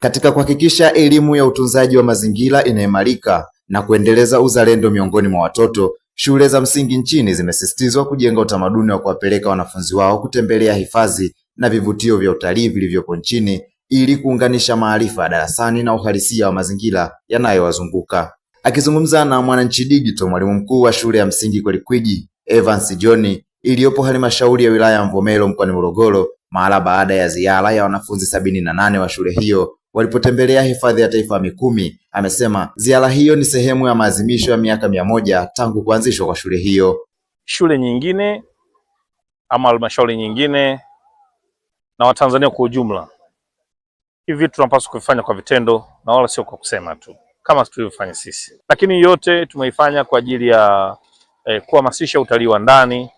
katika kuhakikisha elimu ya utunzaji wa mazingira inaimarika na kuendeleza uzalendo miongoni mwa watoto, shule za msingi nchini zimesisitizwa kujenga utamaduni wa kuwapeleka wanafunzi wao kutembelea hifadhi na vivutio vya utalii vilivyopo nchini ili kuunganisha maarifa ya darasani na uhalisia wa mazingira yanayowazunguka. Akizungumza na Mwananchi Digital, mwalimu mkuu wa shule ya msingi Kwelikwiji Evans John iliyopo halmashauri ya wilaya ya Mvomero mkoani Morogoro, mara baada ya ziara ya wanafunzi sabini na nane wa shule hiyo walipotembelea hifadhi ya taifa Mikumi. Amesema ziara hiyo ni sehemu ya maadhimisho ya miaka mia moja tangu kuanzishwa kwa shule hiyo. Shule nyingine ama halmashauri nyingine na Watanzania kwa ujumla, hivi tunapaswa kuvifanya kwa vitendo na wala sio kwa kusema tu kama tulivyofanya sisi, lakini yote tumeifanya kwa ajili ya eh, kuhamasisha utalii wa ndani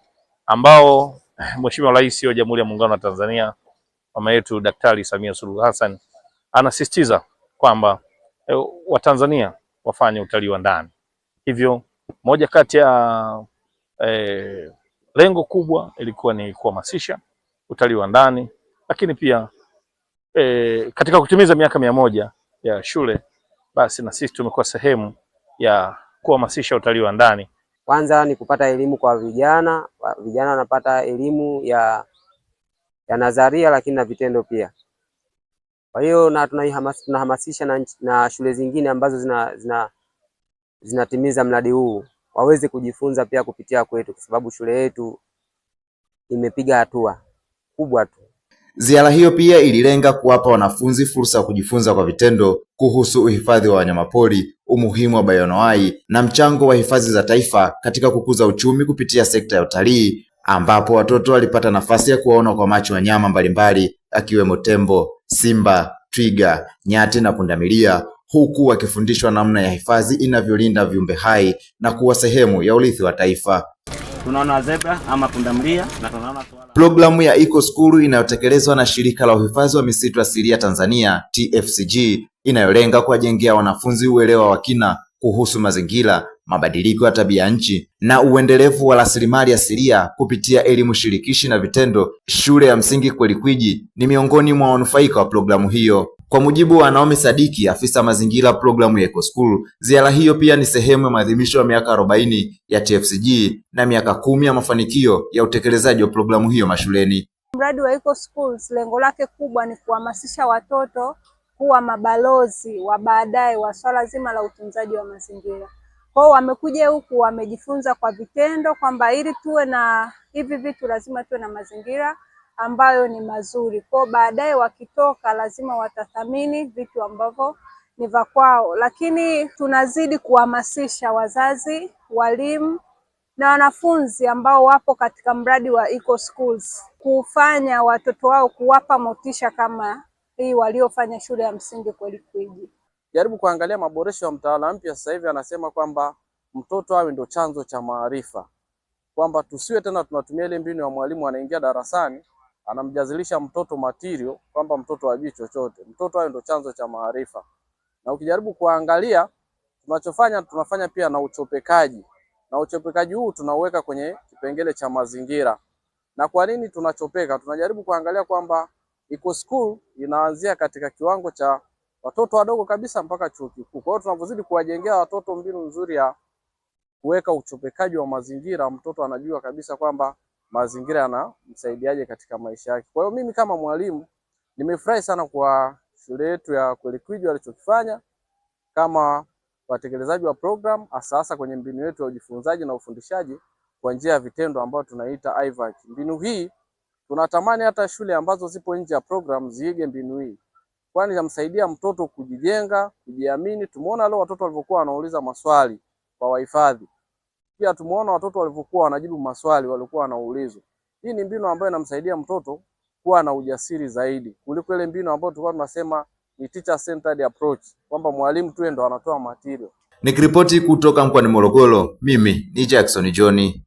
ambao eh, Mheshimiwa Rais wa Jamhuri ya Muungano wa Tanzania mama yetu Daktari Samia Suluhu Hassan anasisitiza kwamba e, Watanzania wafanye utalii wa ndani. Hivyo moja kati ya e, lengo kubwa ilikuwa ni kuhamasisha utalii wa ndani, lakini pia e, katika kutimiza miaka mia moja ya shule, basi na sisi tumekuwa sehemu ya kuhamasisha utalii wa ndani. Kwanza ni kupata elimu kwa vijana, vijana wanapata elimu ya, ya nadharia lakini na vitendo pia. Kwa hiyo na tunahamasisha na, na shule zingine ambazo zina, zina, zinatimiza mradi huu waweze kujifunza pia kupitia kwetu, kwa sababu shule yetu imepiga hatua kubwa tu. Ziara hiyo pia ililenga kuwapa wanafunzi fursa ya kujifunza kwa vitendo kuhusu uhifadhi wa wanyamapori, umuhimu wa bayonoai na mchango wa hifadhi za taifa katika kukuza uchumi kupitia sekta ya utalii, ambapo watoto walipata nafasi ya kuwaona kwa macho wanyama mbalimbali akiwemo tembo, simba, twiga, nyati na pundamilia huku wakifundishwa namna ya hifadhi inavyolinda viumbe hai na kuwa sehemu ya urithi wa taifa. Tunaona zebra ama pundamilia na tunaona swala. Programu ya Eco School inayotekelezwa na Shirika la Uhifadhi wa Misitu Asilia Tanzania TFCG inayolenga kuwajengea wanafunzi uelewa wa kina kuhusu mazingira mabadiliko ya tabia nchi na uendelevu wa rasilimali asilia kupitia elimu shirikishi na vitendo. Shule ya msingi Kwelikwiji ni miongoni mwa wanufaika wa programu hiyo. Kwa mujibu wa Naomi Sadiki, afisa mazingira programu ya Eco School, ziara hiyo pia ni sehemu ya maadhimisho ya miaka 40 ya TFCG na miaka kumi ya mafanikio ya utekelezaji wa programu hiyo mashuleni. Mradi wa Eco Schools lengo lake kubwa ni kuhamasisha watoto kuwa mabalozi wa baadaye wa swala zima la utunzaji wa mazingira. Kwa wamekuja huku wamejifunza kwa vitendo kwamba ili tuwe na hivi vitu lazima tuwe na mazingira ambayo ni mazuri. Kwa baadaye wakitoka lazima watathamini vitu ambavyo ni vya kwao. Lakini tunazidi kuhamasisha wazazi, walimu na wanafunzi ambao wapo katika mradi wa Eco Schools kufanya watoto wao, kuwapa motisha kama hii waliofanya shule ya msingi Kwelikwiji jaribu kuangalia maboresho ya mtaala mpya sasa hivi, anasema kwamba mtoto awe ndo chanzo cha maarifa, kwamba tusiwe tena tunatumia ile mbinu ya mwalimu anaingia darasani anamjazilisha mtoto material kwamba mtoto ajui chochote. Mtoto awe ndo chanzo cha maarifa. Na ukijaribu kuangalia tunachofanya, tunafanya pia na uchopekaji, na uchopekaji huu tunauweka kwenye kipengele cha mazingira. Na kwa nini tunachopeka? Tunajaribu kuangalia kwamba Eco School inaanzia katika kiwango cha watoto wadogo kabisa mpaka chuo kikuu. Kwa hiyo tunapozidi kuwajengea watoto mbinu nzuri ya kuweka uchopekaji wa mazingira, mtoto anajua kabisa kwamba mazingira yanamsaidiaje katika maisha yake. Kwa hiyo mimi kama mwalimu nimefurahi sana kwa shule yetu ya Kwelikwiji walichokifanya kama watekelezaji wa program asasa kwenye mbinu yetu ya ujifunzaji na ufundishaji kwa njia ya vitendo ambayo tunaita IVAC. Mbinu hii tunatamani hata shule ambazo zipo nje ya program ziige mbinu hii kwani inamsaidia mtoto kujijenga, kujiamini. Tumeona leo watoto walivyokuwa wanauliza maswali kwa wahifadhi, pia tumeona watoto walivyokuwa wanajibu maswali walikuwa wanaulizwa. Hii ni mbinu ambayo inamsaidia mtoto kuwa na ujasiri zaidi kuliko ile mbinu ambayo tulikuwa tunasema ni teacher centered approach, kwamba mwalimu tu ndo anatoa material. Nikiripoti kutoka mkoani Morogoro, mimi ni Jackson John.